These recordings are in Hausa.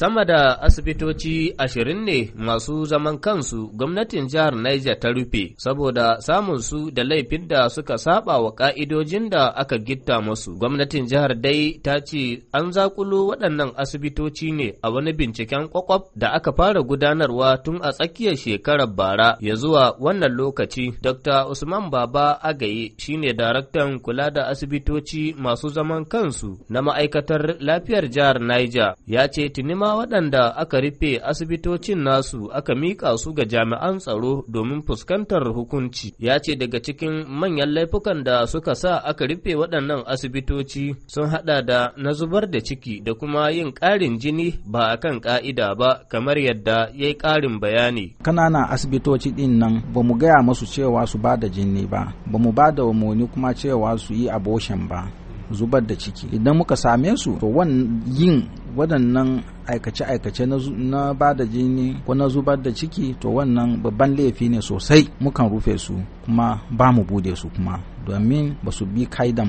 Sama da asibitoci ashirin ne masu zaman kansu gwamnatin jihar Niger ta rufe saboda samun su da laifin da suka saba wa ka'idojin da aka gitta musu. Gwamnatin jihar dai ta ce an zakulo waɗannan asibitoci ne a wani binciken kwakwaf da aka fara gudanarwa tun a tsakiyar shekarar bara ya zuwa wannan lokaci. Dr. Usman Baba Agaye shine daraktan kula da asibitoci masu zaman kansu na ma'aikatar lafiyar jihar Niger ya ce tuni ma waɗanda aka rufe asibitocin nasu aka miƙa su ga jami'an tsaro domin fuskantar hukunci ya ce daga cikin manyan laifukan da suka sa aka rufe waɗannan asibitoci sun haɗa da na zubar da ciki da kuma yin ƙarin jini ba a kan ƙa'ida ba kamar yadda ya yi ƙarin bayani. Kanana asibitoci ɗin nan ba mu gaya masu cewa su ba da jini ba, ba mu ba da umarni kuma cewa su yi aboshin ba. zubar da ciki idan muka same su to wan yin waɗannan aikace-aikace na ba da jini ko na zubar da ciki to wannan babban laifi ne sosai mukan rufe su kuma ba mu bude su kuma domin ba su bi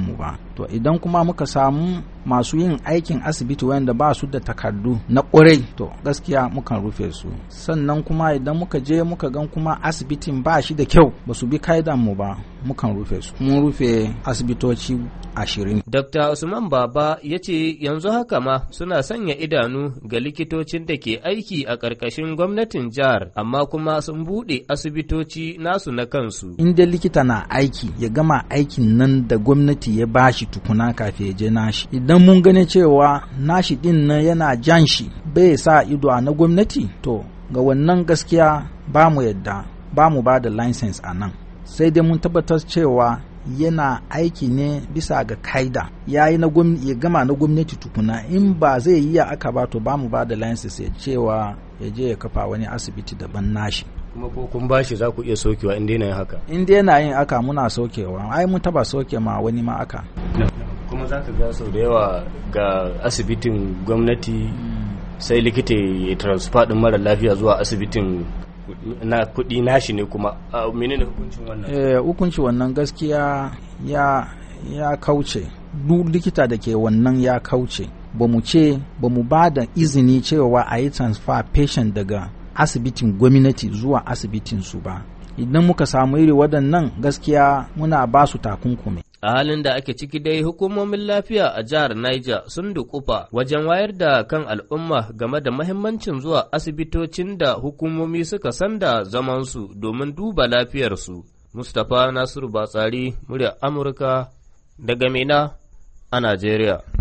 mu ba to idan kuma muka samu masu yin aikin asibiti wanda ba su da takardu na ƙurai to gaskiya mukan rufe su sannan kuma idan muka je muka gan kuma asibitin ba shi da kyau ba su bi mu ba mukan rufe su mun rufe asibitoci ashirin dr usman baba ya ce yanzu haka ma suna sanya idanu ga likitocin da ke aiki a ƙarƙashin gwamnatin jihar amma kuma sun buɗe asibitoci nasu na kansu. In dai likita na aiki ya gama aikin nan da gwamnati ya bashi tukuna kafin ya je nashi. Idan mun gane cewa nashi ɗin nan yana jan shi bai sa ido a na gwamnati to ga wannan gaskiya ba mu yadda ba mu ba da license a nan. Sai dai mun tabbatar cewa yana aiki ne bisa ga kaida ya yi na ya gama na gwamnati tukuna in ba zai yi aka ba to ba mu ba da license ya cewa ya je ya kafa wani asibiti daban nashi kuma ko kun bashi za ku iya sokewa in yana yin haka in yana yin aka muna sokewa ai mun taba soke ma wani ma aka kuma za ka ga sau da yawa ga asibitin gwamnati mm. sai likita ya transfer din mara lafiya zuwa asibitin na kuɗi nashi ne kuma menene hukuncin wannan eh hukunci wannan gaskiya ya ya kauce duk likita da ke wannan ya kauce ba mu ce ba mu ba da izini cewa a yi transfer patient daga asibitin gwamnati zuwa asibitin su ba idan muka samu iri waɗannan gaskiya muna ba su takunkumi. A halin da ake ciki dai hukumomin lafiya a jihar Niger sun dukufa wajen wayar da kan al'umma game da mahimmancin zuwa asibitocin da hukumomi suka sanda zamansu domin duba lafiyarsu. Mustapha Nasiru Batsari, murya Amurka, daga Mina a Najeriya.